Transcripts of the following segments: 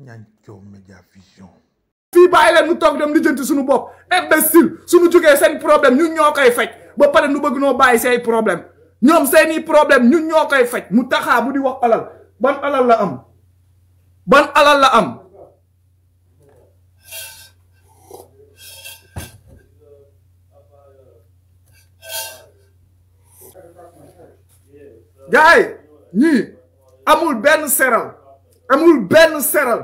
ñancoo média vision fii bàyyi leen nu toog dem lijjanti suñu bopp imbécile suñu jógee seen problème ñun ñoo koy faj ba pare nu bëgg noo bàyyi say problème ñoom seeni problème ñun ñoo koy faj mu taxaa bu di wax alal ban alal la am ban alal la am gaay ñii amul benn seral amul benn seral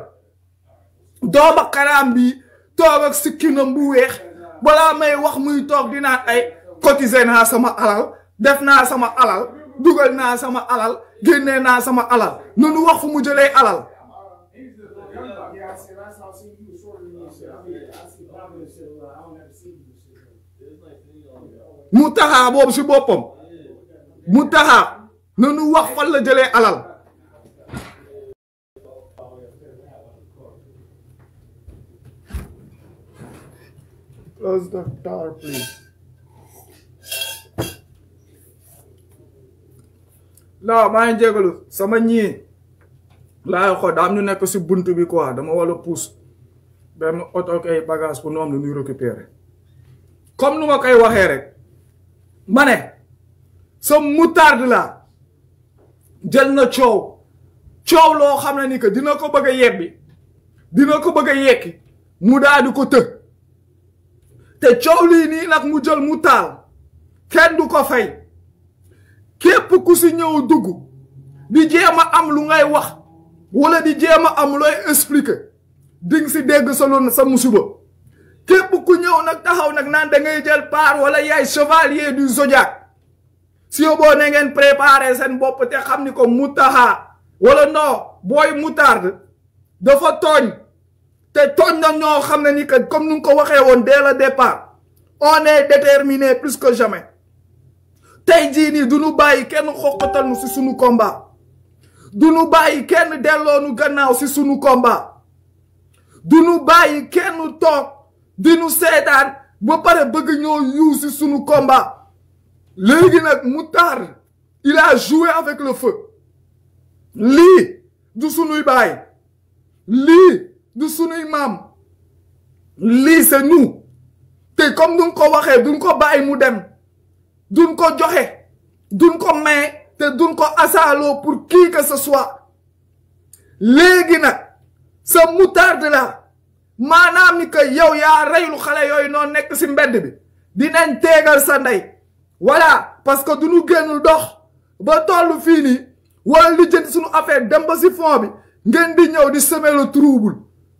doomu karaam bi toog ak sikkinam bu weex balaa may wax muy toog di naan ay cotiser naa sama alal def naa sama alal dugal naa sama alal génne naa sama alal nunu wax fu mu jëlee alal mu taxaa boobu si boppam mu taxaa nunu wax fan la jëlee alal Close the maa ngi sama ñii laay xool daam ñu nekk si bunt bi quoi dama wala puus benn oto ak ay bagage pour nu am lu comme nu ma koy waxee rek ma ne sa moutarde la jël na coow coow loo xam ne ni que dina ko bëgg a yebbi dina ko bëgg a yekki mu daal di ko të te coow lii nii nag mu jël mu taal kenn du ko fay képp ku si ñëw dugg di jéem a am lu ngay wax wala di jéem a am looy expliquer di nga si dégg sa loon sa musiba képp ku ñëw nag taxaw nag naan da ngay jël part wala yaay chevalier du zodiaque si yóbboo na ngeen préparer seen bopp te xam ni ko mutaha wala non booy moutarde dafa tooñ te tooñ na ñoo xam ne ni que comme nu nga ko waxee woon dee la départ on est déterminé plus que jamais tey jii nii du nu bàyyi kenn xoqatal nu si sunu komba du nu bàyyi kenn delloonu gannaaw si sunu combat du bàyyi kenn toog di nu seetaan ba pare bëgg ñoo yiw si sunu combat léegi nag mu tard il a joué avec le feu lii du sunuy bàyyi lii du sunuy maam lii c'est nous te comme duñ ko waxee duñ ko bàyyi mu dem duñ ko joxe duñ ko maye te duñ ko asaaloo pour qui que ce soit léegi nag sa moutarde la maanaam ni que yow yaa reylu xale yooyu noo nekk si mbedd bi dinañ teegal sa ndey voilà parce que duñu génnul dox ba toll fii nii wala li jënd affaire dem ba si fon bi ngeen di ñëw di semer le trouble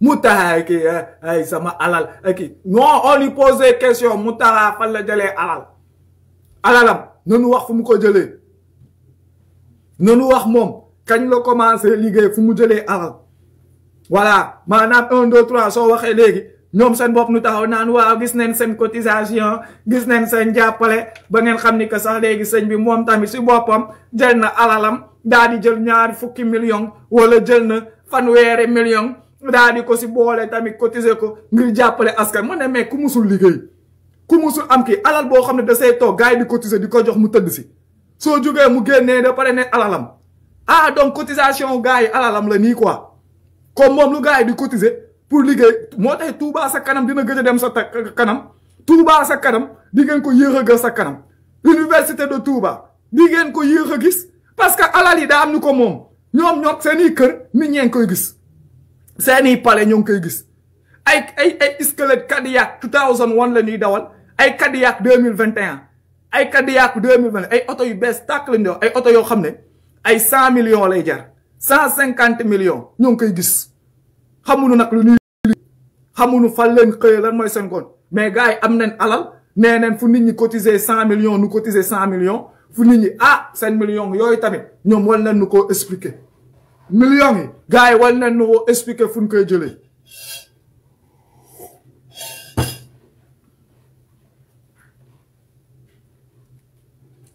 mu kii eh, ay sama alal eh, kii non on question Moutara fan la jëlee alal alalam nanu wax fu mu ko jëlee nanu wax moom kañ la commencé liggéey fu mu jëlee alal wala maanaam un deux trois soo waxee léegi ñoom seen bopp nu taxaw naan waaw gis neen seen cotisation gis neen seen jàppale ba ngeen xam ni que sax léegi sëñ bi moom tamit si boppam jël na alalam daa jël ñaar fukki million wala jël na fanweeri million daal di ko si boole tamit cotiser ko ngir jàppale askan mu ne mais ku musul liggéey ku musul am kii alal boo xam ne da say toog gars yi di cotiser di ko jox mu tëdd si soo jógee mu génnee da pare ne alalam ah donc cotisation gars yi alalam la nii quoi comme moom lu gars yi di cotiser pour liggéey moo tax Touba sa kanam dina gëj a dem sa kanam Touba sa kanam di ngeen ko yéex a gës sa kanam université de Touba di ngeen ko yéex a gis parce que alal yi daa am ñu ko moom ñoom ñoo seen i kër nit ñee koy gis. seni palé ñu ngi gis ay ay ay escalade cardiaque 2001 la ñuy dawal ay cardiaque 2021 ay cardiaque 2020 ay auto yu baisse tak lañ do ay auto yo xamné ay 100 millions lay jar 150 millions ñu ngi gis xamunu nak lu ñuy xamunu fa leen xey lan moy sen mais gaay am nañ alal nenañ fu nit ñi cotiser 100 millions nous cotiser 100 millions fu nit ñi ah 5 millions yoy tamit ñom wal nañ expliquer millions yi gars yi war nañ nu woo expliquer koy jëlee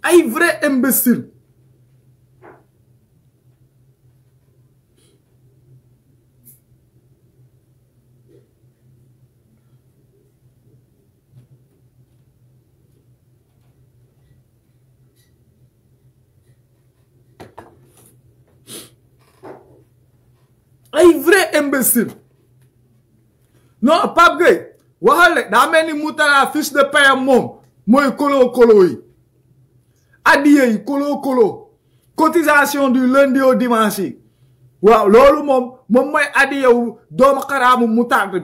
ay vrai imbécile ay vrai imbécile non Pape waxale daa mel ni Moutala fiche de paie moom mooy kolo kolo yi addiye cotisation du lundi au waaw loolu moom moom mooy addiyewu doomu xaraamu mu bi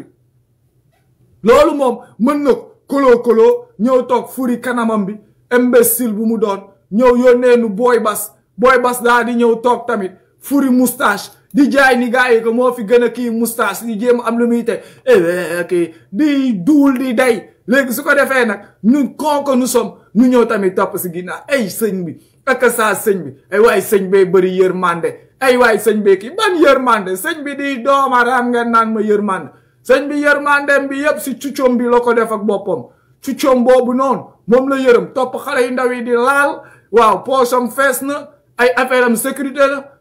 loolu moom mën na kolo kolo ñëw toog furi kanamam bi imbécile bu mu doon ñëw yónnee booy bas booy bas daa di ñëw toog tamit furi moustache di jaay ni gars yi moo fi gën a kii moustache di jéem am lu muy teg eh, eh, kii di duul di day léegi su ko defee nag ñun kon que nous sommes ñu ñëw tamit topp si ginnaaw ay sëñ bi ak saa sëñ bi ay waay sëñ bee bëri yërmande ay waay sëñ bee kii ban yërmande sëñ bi di doomaraam ngeen naan ma yërmande sëñ bi yërmandeem bi yëpp si cuccoom bi la ko def ak boppam cuccoom boobu noonu moom la yërëm topp xale yu ndaw yi di laal waaw poosam fees na ay affaire am sécurité la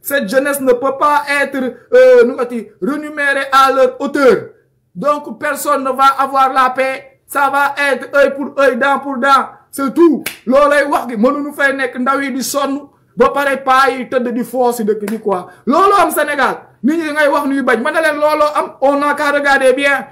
Cette jeunesse ne peut pas être euh, rémunérée à leur hauteur. Donc personne ne va avoir la paix. Ça va être œil pour œil, dent pour dent. C'est tout. loolay wax gi nous fay nek, ndaw yi di sonn ba pareil paa yi du force, de si C'est quoi Lolo am Sénégal nit ñi ngay wax nuy bañ ma am on a qu'à regarder bien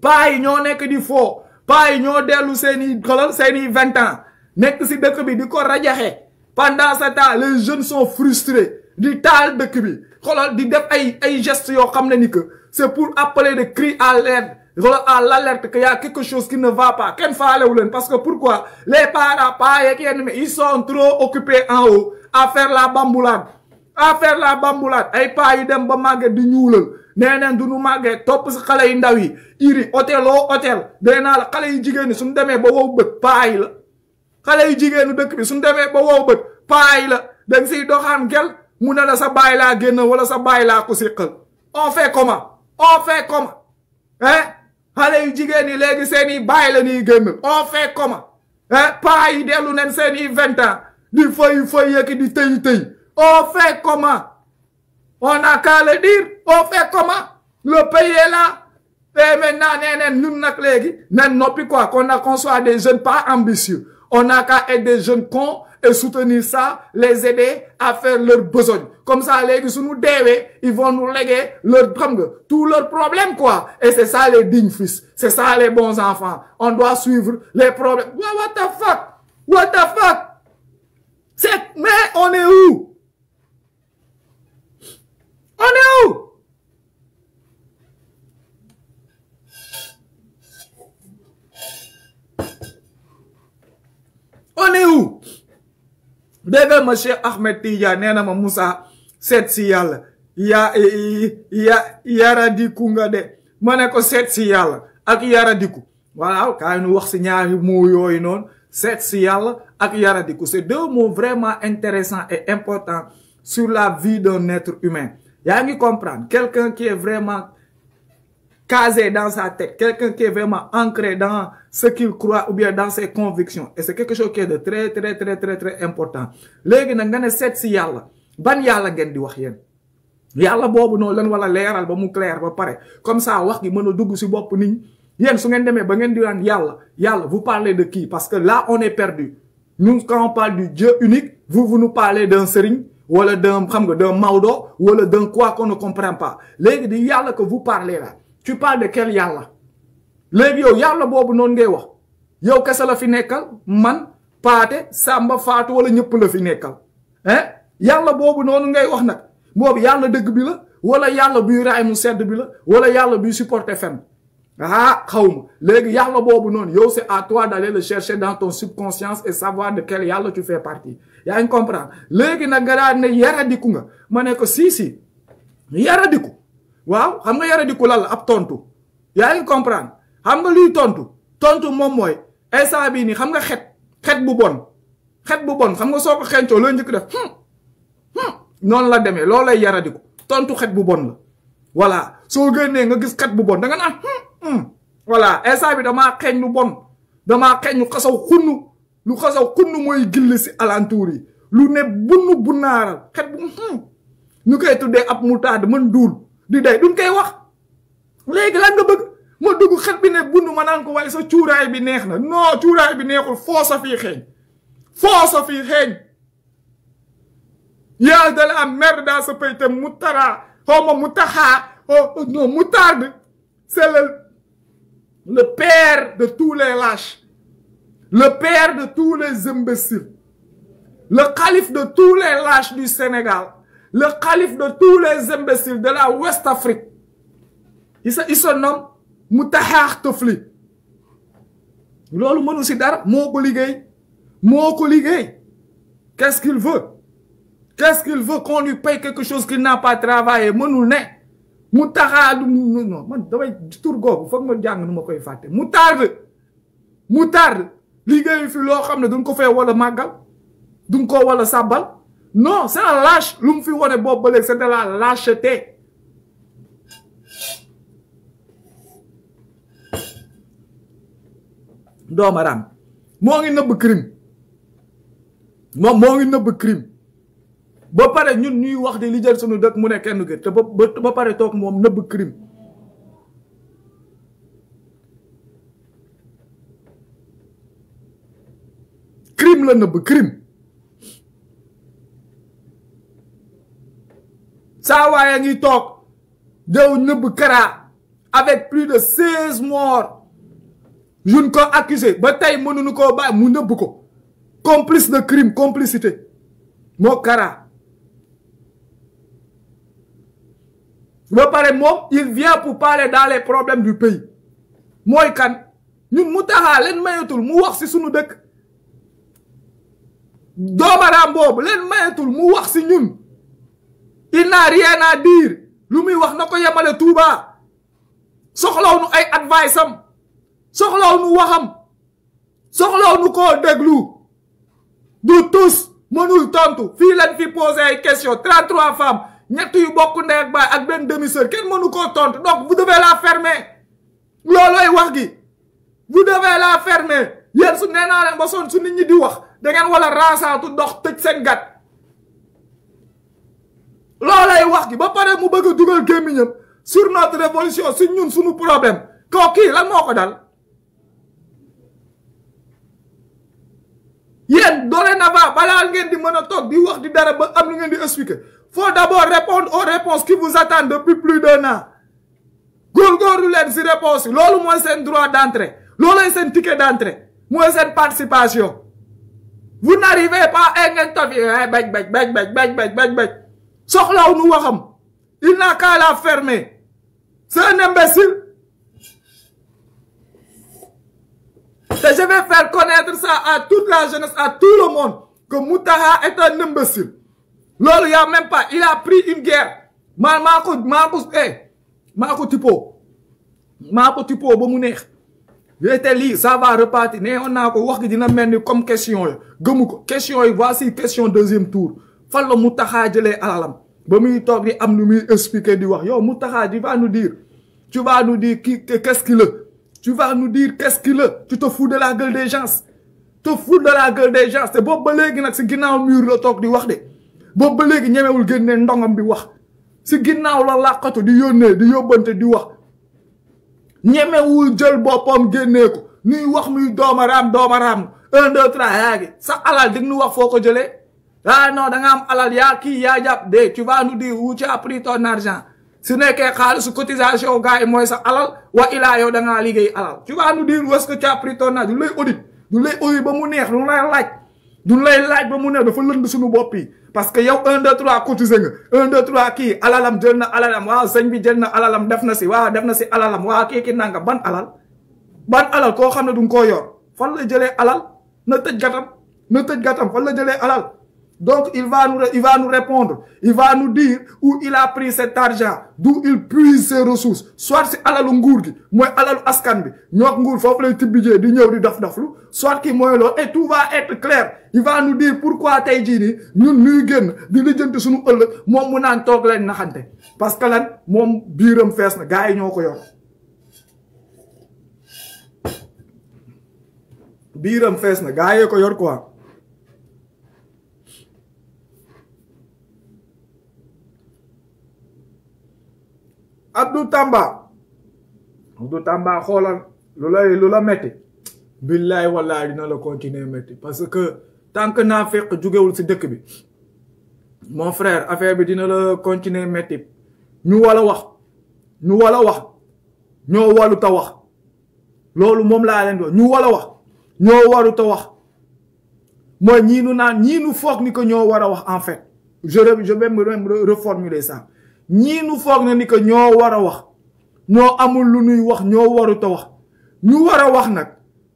paa yi ñoo du faux. foo paa yi ñoo dellu seen i xolal seen i vingt ans Nek si dëkk bi di ko rajaxe pendant ce temps les jeunes sont frustrés di taal dëkk bi xolal di def ay ay gestes yoo xam ne ni que c'est pour appeler de cri à l'aide voilà à l'alerte que y a quelque chose qui ne va pas ken faalewu leen parce que pourquoi les parents pas yeeg yenn mais ils sont trop occupés en haut à faire la bamboulade à faire la bamboulade ay pas yi dem ba màgget di ñuulal nee neen du ñu màggee topp si xale ndaw yi iri hôtel o oh, hôtel dee naa la xale yu jigéen ñi suñu demee ba wow bët paa yi la xale yu jigéenu dëkk bi suñu demee ba wow bët paa yi la dañ siy doxaan gel mu la sa baye la génn wala sa baye la ko on fait comment on fait comment hein allez yu jigéen ñi léegi seen i baay la ni génn on fait comment hein Pa yi dellu nen seen i vingt ans di fëy fëy yëkki di tëy tëy on fait comment on a qu'à le dire on fait comment le pays est là et maintenant nee nous, ñun nag léegi non, noppi quoi qu'on a qu'on soit des jeunes pas ambitieux on a qu'à être des jeunes cons et soutenir ça, les aider à faire leurs besoins. Comme ça, les gens nous devaient, ils vont nous léguer leurs problèmes, tous leurs problèmes, quoi. Et c'est ça les dignes fils. C'est ça les bons enfants. On doit suivre les problèmes. What the fuck? What the fuck? Mais on est où? On est où? déggal monsieur Ahmed Tia, nena ma Moussa set sial. ya ya ya yaradiku nga de ma ne ko seet si yàlla waaw kay nu wax si ñaari mots yooyu noonu seet si yàlla ak yaradiku c'est deux mots vraiment intéressants et importants sur la vie d'un être humain ya ngi comprendre quelqu'un qui est vraiment casé dans sa tête, quelqu'un qui est vraiment ancré dans ce qu'il croit ou bien dans ses convictions. Et c'est quelque chose qui est de très, très, très, très, très important. Maintenant, nag nga ne yalla. ban yalla ngeen di wax yéen Yalla bobu non lan wala leeral ba mu clair ba pare comme ça wax gi meuna dugg si bop nit ñi su ngeen démé ba ngeen di wan yalla. Yalla vous parlez de qui parce que là on est perdu nous quand on parle du Dieu unique vous vous nous parlez d'un serigne wala d'un xam nga d'un Maodo wala d'un quoi qu'on ne comprend pas Légui di yalla que vous parlez là tu parles de quel yalla léegi yow yalla non noonu ngay wax yow que la fi nekkal man paté samba faatu wala ñepp la fi nekkal hein yalla bobu non ngay wax Yalla bobu yalla Ou bi la wala yalla bu raymu sedd bi la wala yalla bu supporter ah xaw ma yalla bobu non yow c'est à toi d'aller le chercher dans ton subconscience et savoir de quel yalla tu fais partie Y'a ngi comprendre léegi nak nga da ne yaradiku nga ko si si yaradiku waaw xam nga yara di lal ab tontu yaa ngi comprendre xam nga luy tontu tontu moom mooy instant bii nii xam nga xet xet bu bon xet bu bon xam nga soo ko njëkk def hmm, hmm, noonu la demee loo lay yara tontu xet bu bon la voilà soo génnee nga gis xet bu bon da nga naan hmm, voilà instant bi damaa xeeñ lu bon damaa xeeñ lu xasaw xunn lu xasaw xunn mooy gill si alentour yi lu ne bunn bu naaral xet bu ñu koy tuddee ab mutaad mën duul di day duñ koy wax léegi lan nga bëgg ma dugg xet bi ne bund ma naan ko waaye sa cuuraay bi neex na non cuuraay bi neexul foo sa fii xeeñ foo sa xeeñ yaa de la merde dans ce pays te mu ma mu taxaa oh, oh, mu tarde c'est le le père de tous les lâches le père de tous les imbéciles le calife de tous les lâches du Sénégal le calife de tous les imbéciles de la West Afrique. Il se, nomme Moutahar Tofli. qu'est-ce qu'il veut qu'est-ce qu'il veut qu'on lui paye quelque chose qu'il n'a pas travaillé Mon Moutahar non man non, tour qu'il non, non, non, wala wala non c'est la lâche lu mu fi wane boobu ba léegi c'est de la lâcheté doomaraam moo ngi nëbb crime moom moo ngi nëbb crime ba pare ñun ñuy wax di li jël sunu dëkk mu ne kenn gën te ba ba pare toog moom nëbb krim crime la nëbb crime Ça va talk un déw Kara avec plus de 16 morts Je ko accusé ba accuser. pas complice de crime complicité moo Kara ba de il vient pour parler dans les problèmes du pays Moi, kan ñun parler dans mayatul mu wax sunu sommes il n'a rien à dire lu muy wax nako yamale Touba soxlaw nu ay advice am soxlaw nu waxam soxlaw nu koo deglu, du tous monul tontu fi lan fi poser ay question 33 femmes ñett yu bokku ndey ak bay ak ben demi sœur ken mënu koo tontu donc vous devez la fermer loloy wax gi vous devez la fermer yeen su nee len ba son su nit ñi di wax da ngeen wala rasatu dox tëj sen gat loolay wax gi ba pare mu bëgg a dugal gémmiñam sur notre révolution si ñun suñu problème koo kii la moo ko dal yéen ba balaa ngeen di mën a toog di wax di dara ba am lu ngeen di expliquer faut d'abord répondre aux réponses qui vous attendent depuis plus d'un an góorgóorlu leen si réponse yi loolu mooy seen droit d'entrée loolooy seen ticket d'entrée mooy seen participation vous n'arrivez pas e ngeen toog yi eh, bañ bañ bañ bañ bañ waxam il n'a qu'à la fermer c'est un imbécile je vais faire connaître ça à toute la jeunesse à tout le monde que Moutaha est un imbécile il n'y a même pas il a pris une guerre maa maa ko eh ko ça va repartir On on a encore. wax n'a comme question yi question voici question deuxième tour fan Moutaha la. ba muy toog di am nu muy expliquer di wax yow mu tu vas nous dire tu vas nous dire qui qu'est-ce qu'il a tu vas nous dire quest de la gueule des gens te fous de la gueule des gens te boobu ba léegi nag si ginnaaw mur la toog di wax de boobu ba léegi ñemewul génne ndongam bi wax si ginnaaw la làqatu di yónnee di yóbbante di wax ñemewul jël boppam génnee ko nuy wax muy doomaraam doomaraam un deux trois yaa ngi sa alaal dig nu wax foo ko jëlee Là, da nga alal yaa ya yap jàpp de tu vas nous dire où tu as pris ton argent su nekkee xaalisu cotisation gars yi mooy sa alal wa ilaa yow da ngaa liggéey alal tu vas nous dire où est-ce que tu as pris ton argent du lay audit du lay audit ba mu neex du lay laaj du lay laaj ba mu neex dafa lënd suñu bopp parce que yow 1 2 3 cotisé nga 1 2 3 kii alalam jël na alalam waaw sëñ bi jël na alalam def na si waaw def na si alalam waaw kii ki nanga ban alal ban alal koo xam ne du nga yor fan la jëlee alal na tëj gatam na tëj gatam fan la alal Donc, il va, nous, il va nous répondre. Il va nous dire où il a pris cet argent, d'où il puise ses ressources. Soit c'est alalu nguur gi, mooy alalu askan bi ñoo nguur foofu lay tibbijee di ñëw di daf daflu soit ki mooy loolu et tout va être clair. Il va nous dire pourquoi tey jii nii ñun génn di lijjanti suñu ëllëg moom mu naan toog leen naxante parce que lan moom biiram fees na gars yi ñoo ko yor. biiram fees na gars yee ko yor quoi. Abdou Tamba Abdou Tamba Lola parce que tant que Nafiq mon frère affaire bi Nous la continuer metti Nous nous Nous ñu Nous wax allons walu ta wax loolu nous Nous wala wax Nous waru ta wax nous nous nous nous que nous en fait je je vais me reformuler ça ñii nu foog na ni que ñoo war a wax ñoo amul lu nuy wax ñoo warut a wax ñu war a wax nag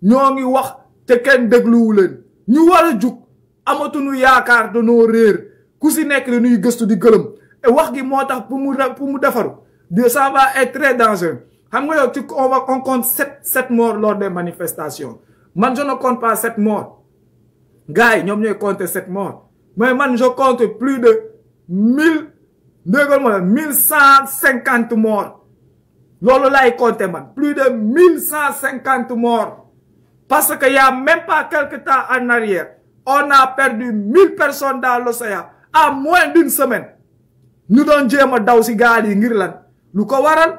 ñoo ngi wax te kenn dégluwu leen ñu war a jug amatuñu yaakaar danoo réer ku si nekk nuy gëstu di gëlëm et wax gi moo tax pour mu pour mu defaru de ça va être très dangereux xam nga yow ci on va on compte sept sept morts lors des manifestations man je ne compte pas sept morts gars yi ñoom ñooy compter sept morts mais man je compte plus de mille ndéegal ma mille cent cinquante morts loolu laay compter man plus de mille cent cinquante morts parce que y a même pas quelque temps en arrière on a perdu mille personnes dans l'océan en moins d'une semaine ñu doon jéem a daw si gaal yi ngir lan lu ko waral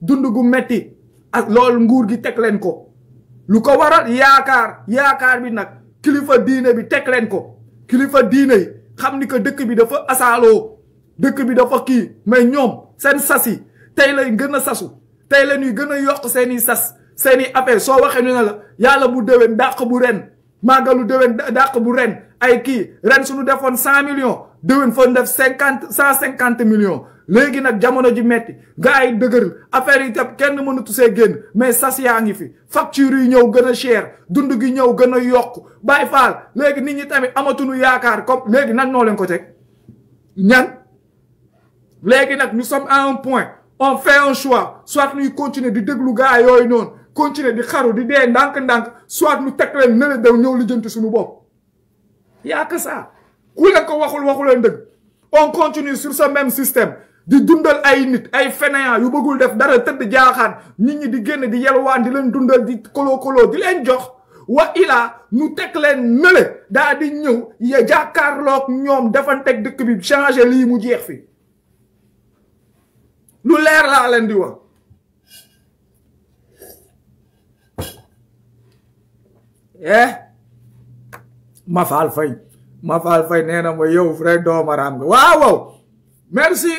dund gu metti ak loolu nguur gi teg leen ko lu ko waral yaakaar yaakaar bi nag kilifa diine bi teg leen ko kilifa diine xam ni que dëkk bi dafa asaaloo dëkk bi dafa kii mais ñoom seen sas yi tey lay gën a sasu tey la ñuy gën a yokk seen i sas seen i affaire soo waxee ñu ne la yàlla bu déwén dàq bu ren màggalu déwén dàq bu ren ay kii ren suñu defoon cent millions déwén fa def cinquante cent cinquante million léegi nag jamono ji metti gars yi dëgër affaire yi tam kenn mënatu see génn mais sas yaa ngi fi facture yi ñëw gën a cher dund gi ñëw gën a yokk bàyyi faal léegi nit ñi tamit amatuñu yaakaar comme léegi nan noo leen ko teg ñan léegi nous sommes à un point on fait un choix soit ñuy continuer di déglu gaa yooyu noonu continuer di xaru di dee ndànk-ndànk soit ñu teg leen nële daw ñëw lijjanti suñu bopp a que ça ku leen ko waxul waxuleen dëgg on continue sur ce même système di dundal ay nit ay fainéants yu bëggul def dara tëdd jaaxaan nit ñi di génn di yelwaan di leen dundal di kolo kolo di leen jox wa ila nu teg leen nële daa di ñëw ya jàkkaarloog ñoom defanteeg dëkk bi changé lii mu jeex fi lu leer laa leen di wax eh ma fay ma fay nee na ma yow doomaraam nga waaw waaw merci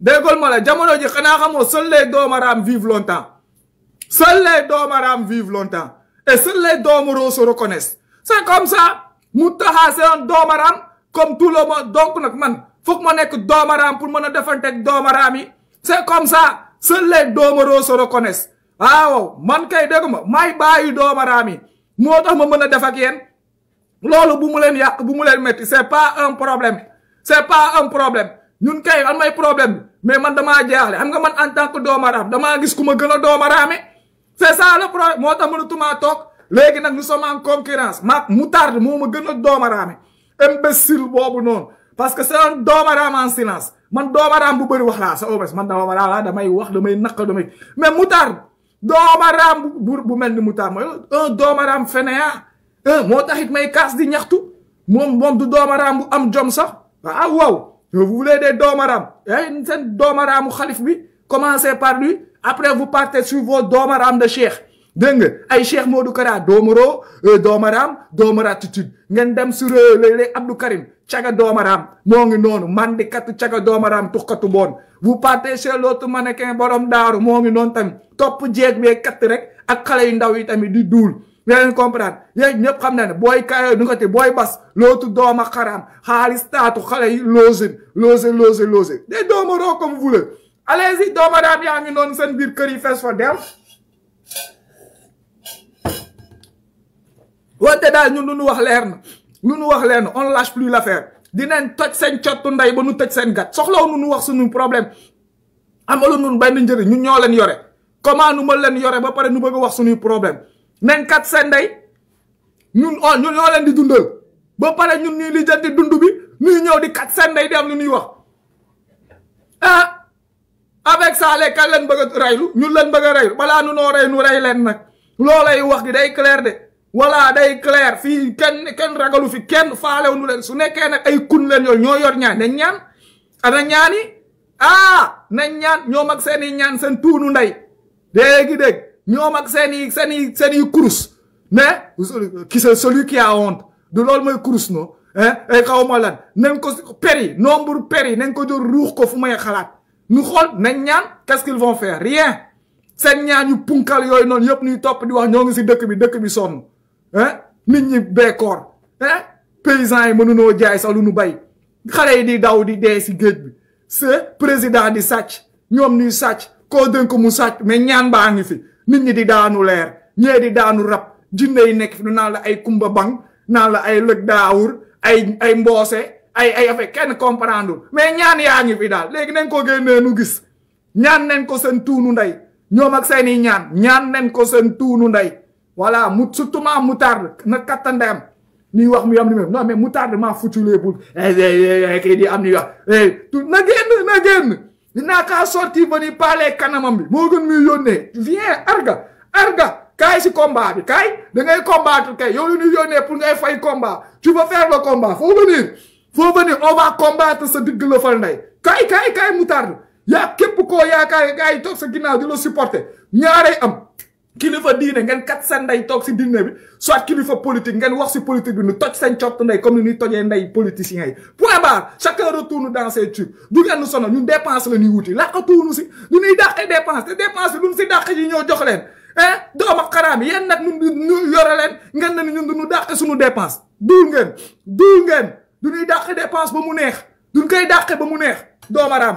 déggol jamono ji xanaa xamoo seuls les doomaraam vivent longtemps seuls doomaraam vivent longtemps et seuls les doomaroo se reconnaissent comme ça mu taxaa c'est doomaraam comme tout le monde donc man foog ma nekk doomaraam pour mën a defanteeg c'est comme ça seuls les doomaroo se reconnaissent waaw man kay dégg ma may bàyyi doomaraam moo tax ma mën a def ak loolu bu mu leen yàq bu mu leen métti c'est pas un problème c'est pas un problème ñun kay am may problème mais man damaa jaaxle xam nga man en tant que doomaraam damaa gis ku ma gën a doomaraame c'est ça le problème moo tax mënatumaa toog léegi nag nous sommes en concurrence ma moo ma gën a doomaraame imbécile boobu noonu parce que c'est un doomaraam en man doomaraam bu beuri wax la sa obes man dama la damay wax damay nakal damay mais Moutar doomaraam bu bu mel Moutar mooy un doomaraam fainéant un moo may kaas di ñaxtu mom moom du bu am jom sax ah wow, vous voulez des doomaraam eh seen doomaraamu khalif bi commencez par lui après vous partez sur vos doomaraam de cheikh dégg ay Cheikh Modou Kara doomaro euh, doomaraam doomaratitude ngeen dem sur euh, les Abdou Karim caga doomaraam moo ngi noonu mandikatu caga doomaraam tuxkatu boon vous partez chez l'autre kenn borom daaru moo ngi noonu tamit topp jeeg bee katt rek ak xale yu ndaw yi tamit di duul leen comprendre yéen xam na ne booy kayo nu ko te booy bas lootu dooma xaraam xaalis taatu xale yi loose loose loose loose des doomaroo comme vous voulez allez-y doomaraam yaa ngi noonu seen biir kër yi fees fa dem wante daal ñun lu nu wax leer na nous nous parlons, on lâche plus l'affaire dinañ toj seen cottu ndey ba nu toj seen gat soxlaw nu nu wax suñu problème amalu nun benn njëriñ ñun ñoo leen yore comment nu ma leen yore ba pare nu bëgg wax suñuy problème nañ kat seen ndey ñun on oh, ñoo leen di dundal ba pare ñun ñuy lijjanti dund bi ñuy ñëw di kat seen ndey di am lu ñuy wax ah avec ça les kan leen bëgg raylu ñun leen bëgg raylu balaa nu noo ray nu ray leen nag loolay wax gi day clair de wala day clair fi kenn kenn ragalu fi kenn wonu len su nekké nak ay kun len yooyu ñoo yor ñaan nañ ñaan ana ñaani ah nañ ñaan ñoom ak seeni ñaan seen tuunu nday deegi deeg ñoom ak seeni seeni seeni i seen i kurus mais qui c'est celui qui a honte du lol moy kurus no hein ay eh? eh, xawma lan nañ ko peri nombre peri nañ ko jor ruux ko fu may xalat ñu xol nañ ñaan qu'est-ce qu'ils vont faire rien seen ñaan yu punkal yooyu noonu yëpp ñuy topp di wax ñoo ngi si dëkk bi dëkk bi sonn ah nit ñi bekkoor ah paysans yi mënunoo jaay sax lu nu bay xale yi di daw di dee si géej bi c'est président di sàcc ñoom ñuy sàcc koo dénk mu sàcc mais ñaan baa ngi fi nit ñi di daanu leer ñee di daanu rab jinne nekk fi nu naan la ay kumba bang naan la ay lëg daawur ay ay mboose ay ay affaire kenn comprendre mais ñaan yaa ngi fi daal léegi nañ ko génnee nu gis ñaan nañ ko seen tuunu ndey ñoom ak seeni ñaan ñaan nañ ko seen tuunu ndey voilà surtout moutarde na wax mu ni non mais moutarde eh eh eh eh, eh di am ni wax eh, na genn na genn naa ka sorti ba parler kanamam bi moo gën muy Tu viens arga arga kay si combat bi kay da ngay combattre kay yow ni pour ngay fay combat tu veux faire le combat faut venir faut venir on va combattre ce digg la fal ndey kay kay sa di supporter am kilifa diine ngeen kat seen ndey toog si diine bi soit kilifa politique ngeen wax si politique bi nu toj seen cott ndey comme ni ñuy tojee ndey politiciens yi point barre chacun retourne dans ses tubes du ngeen nu sono ñun dépense la ñuy si du ñuy dàqee dépense te dépense bi lu ñu si dàq yi ñoo jox leen eh doom ak xaraam yéen nag ñun ñu yore leen ngeen ne ñun duñu dàq suñu dépense duul ngeen duul ngeen du ñuy dàq dépense ba mu neex duñ koy dàqe ba mu neex doom araam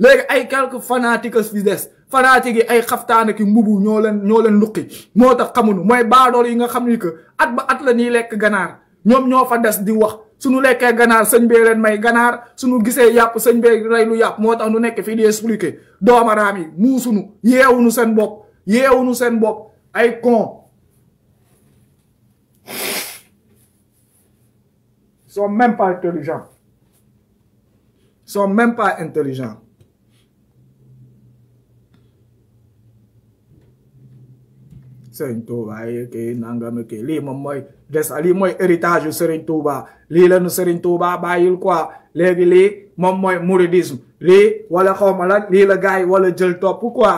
leg ay quelques fanatiques fi fanatik fanatique ay xaftaan ki mbubu ñoo leen ñoo leen luqi moo tax yi nga xamni ni at ba at la ni lek ganar, ñom ño fa dess di wax suñu lekke ganar señ bee leen may ganar suñu gisee yap señ bee ray lu yap motax nu nek fi di expliquer doomaraam rami musunu yewunu sen bop yewunu sen bop ay con sont même pas intelligents sont même pas intelligents Serigne Touba kii nangam kii lii moom mooy des lii mooy héritage yu Serigne Touba lii la nu Serigne Touba bàyyil quoi léegi lii moom mooy mouridisme lii wala xaw ma lan lii la gars yi wala jël top quoi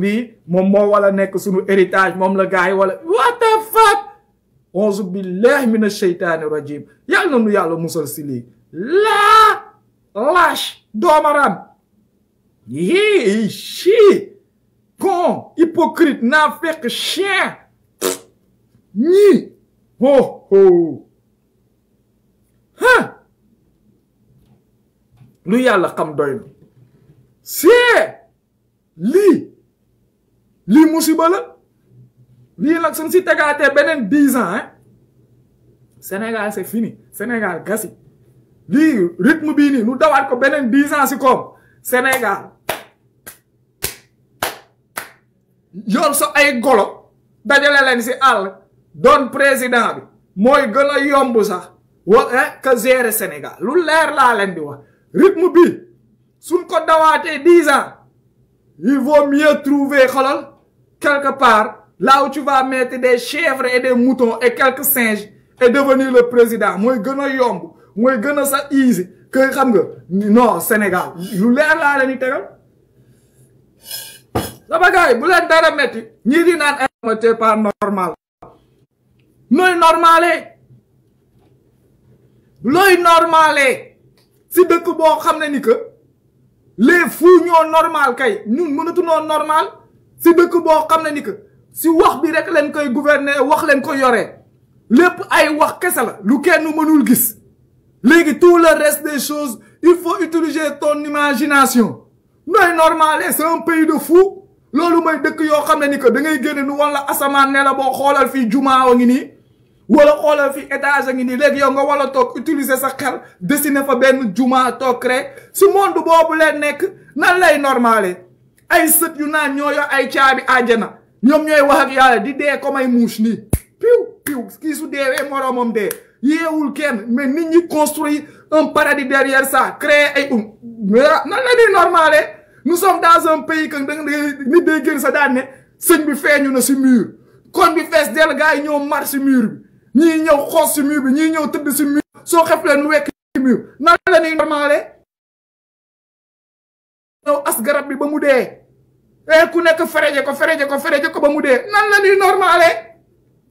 lii moom moo wala nekk suñu héritage moom la gars yi wala what the fuck auzu a mina sheytaani rajim yàlla na nu yàlla musal si lii laa lâche doomaram con, hypocrite, n'a que chien. ni oh oh. ha hein? lui yàlla xam doy na. si, lui Li, musiba Li, lii nag suñ si tegaatee en dix ans hein. Sénégal c'est fini Sénégal gassi. lui rythme bini nous t'avons que ko en dix ans c'est comme Sénégal. yor sa ay golo dajale len ci al doon président bi mooy gën yomb sax wa que eh, gérer Sénégal lu leer la len di wax rythme bi suñ ko dawaatee 10 ans il vaut mieux trouver xolal quelque part là où tu vas mettre des chèvres et des moutons et quelques singes et devenir le président moy gëna yomb moy gëna a sa easy que xam nga non Sénégal lu leer la leen di sama gars yi bu leen dara metti ñii di naan information pas normal nooy normalé looy normalé si dëkk boo xam ne ni que les fous ñoo normal kay ñun mënatunoo normal si dëkk boo xam ne ni que si wax bi rek leen koy gouverner wax leen ko yoree lépp ay wax kese la lu kenn mënul gis Légui, tout le reste des choses il faut utiliser ton imagination nooy normalé c'est un pays de fous loolu mooy dëkk yoo xam ne ni que da ngay génne nu wala asamaan ne la boo xoolal fii jumaa a ngi nii wala xoolal fii étage a ngi nii léegi yow nga wala toog utiliser sa xel dessiner fa benn jumaa toog rek su monde boobu leen nekk nan lay normale ay sët yu naan ñoo yor ay caabi àjjana ñoom ñooy wax ak yàlla di dee comme ay mouche nii piw piw kii su deewee moroomam dee yéewul kenn mais nit ñi construire un paradis derrière ça créer ay um nan la ñuy normale nous sommes dans un pays que da nit day génn sa daan ne sëñ bi feeñu na si mur kon bi fees dell gars yi ñëw mar si mur bi ñii ñëw xoos si mur bi ñii ñëw tëdd si mur soo xef leen wekk si mur nan la ñuy normale ñëw garab bi ba mu dee e ku nekk fereje ko fereje ko fereje ko ba mu dee nan la ñuy normale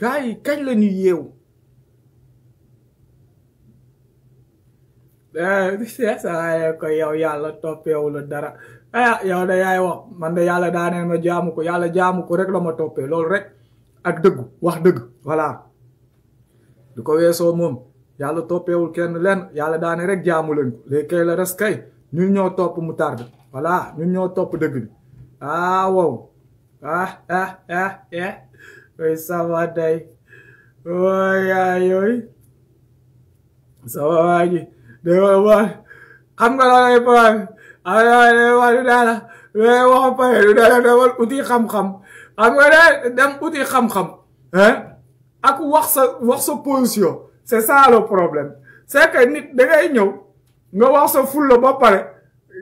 gars yi kañ la ñuy yeewu eh, seesa ko eh, yow yàlla toppeewu la dara ah yow da yaay wax man de yàlla daaneel ma jaamu ko yàlla jaamu ko rek la ma toppee loolu rek ak dëggu wax dëgg voilà du ko weesoo moom yàlla toppeewul kenn lenn yàlla daane rek jaamu lañ ko léegi kay la kay ñun ñoo topp mu tardé voilà ñun ñoo topp dëgg bi ah wow ah, ah, ah Oi, sawaatay waay yaay yooyu sawa ji de wa xam nga la lay paan ay wa du dara we wax pare du dara dawal uti xam-xam xam nga de dem uti xam-xam hein ak wax sa wax sa position c'est ça le problème c'est que nit da ngay ñëw nga wax sa fulla ba pare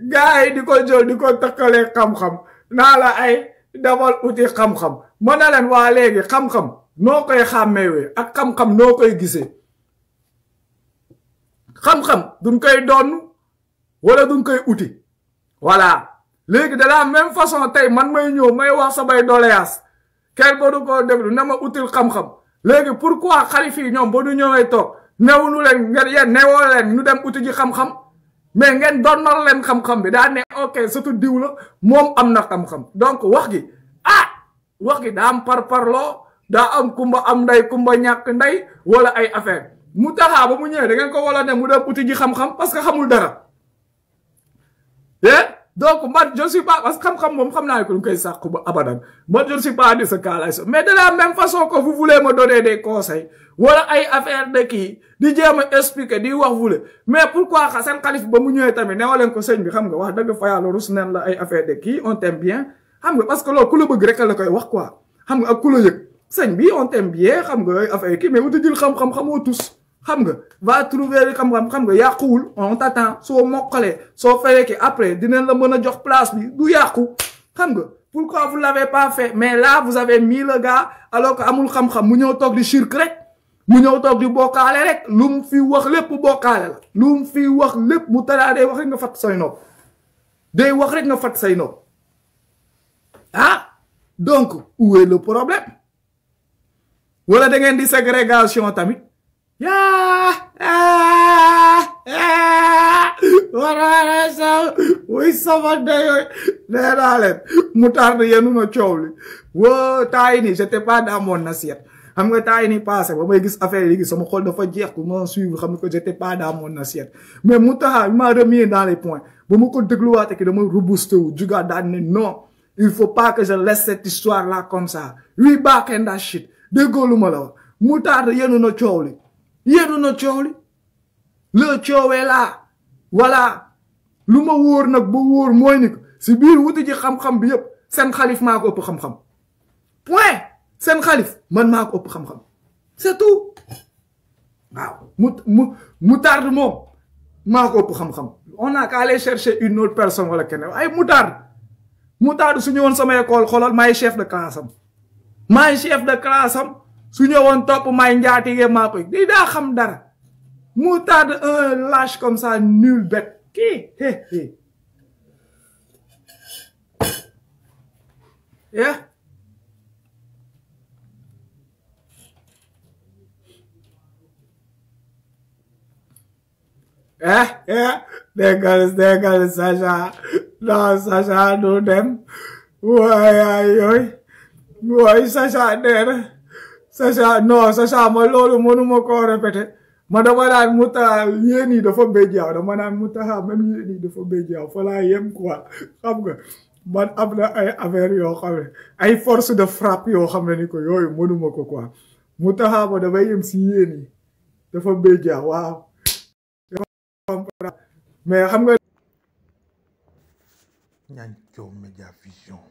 gars yi di ko jël di ko takkalee xam-xam naa la ay demal uti xam-xam ma ne leen waa léegi xam-xam noo koy xàmmewee ak xam-xam noo koy gisee xam-xam duñ koy donn wala duñ koy uti voilà léegi de la même façon tey man may ñëw may wax samay doléance kenn boo du ko déglu na ma util xam-xam léegi pourquoi xalif yi ñoom ba du ñëwee toog newunu leen nga yéen newoo leen ñu dem uti ji xam-xam mais ngeen lem leen xam-xam bi da ne ok sutu diw la mom amna xam-xam donc wax gi ah wax gi da am par lo da am kumba am nday kumba ñak nday wala ay affaire mu taxa ba mu ñew da ngeen ko wala ne mu dem uti ji xam-xam parce que xamul dara eh donc man je a pas xam-xam moom xam naa ne que ñu koy sàq ba abadan man je ne suis pas de ce cas là mais de la même façon que vous voulez me donner des conseils wala ay affaire de kii di jéem a expliquer di wax voulez mais pourquoi xa seen xalif ba mu ñëwee tamit newa leen ko sëñ bi xam nga wax dëgg fa yàlla rus neen la ay affaire de kii on t'aime bien xam nga parce que loolu bëgg rek la koy wax quoi xam nga ak ku la yëg bi on t'aime bien xam nga affaire kii mais wuta jël xam xam nga va trouver xam-xam xam nga cool, on t'attend mokale, so soo que après dinañ la mën jox place bi du yàqu xam nga pourquoi vous l'avez pas fait mais là vous avez mis le gars alors que amul xam-xam mu ñëw tok di shirk rek mu ñëw tok di bokkaale rek lum fi wax lepp bokkaale la Lum fi wax lepp mu talaa wax nga fat say nopp day wax rek nga fat say nopp ah donc où est le problème wala da ngeen di ségrégation tamit waraara sa wuy sama dayooy nee naa leen coow li woo taay nii j'étais pas dans mon assiette xam nga taay nii passé ba may gis affaire yi sama xol dafa jeex ku ma suivre xam ko j'étais pas dans mon assiette mais mu taxa ma remis dans les points ba ma ko dégluwaate ki dama robuste wu jugaat daan ne non il faut pas que je laisse cette histoire là comme ça we back in that shit déggoo lu la wax mu tarde yenu na li yéenu na coow li la coowee laa voilà lu ma wóor nag ba wóor mooy ni si biir wuti ji xam-xam bi yëpp seen xalif maa ko xam-xam point seen xalif man maa ko ëpp xam-xam c'est tout waaw mu mu mu tarde moom maa ko ëpp xam-xam on a qu'à aller chercher une autre personne wala keneen ay moutarde moutarde su ñëwoon sama école xoolal maay chef de classe am maay chef de classe am su ñëwoon topp may njaatige maa koy di daa xam dara mu tàdd un lâche comme ça nul bête kii hé hé dégal dégal Sacha non Sacha do dem waay waay yooyu waay Sacha nee Sacha non Sacha ma loolu mënuma koo répété ma dama naan Mountakha yéen yi dafa béjjaaw dama naan Mountakha même yéen yi dafa béjjaaw fa laa yem quoi xam nga man am na ay affaire yoo xam ne ay force de frappe yoo xam ne ni ko yooyu mënuma ko quoi Mountakha ma damay yem si yéen yi dafa béjjaaw waaw mais xam nga. Ñaanco Média Vision.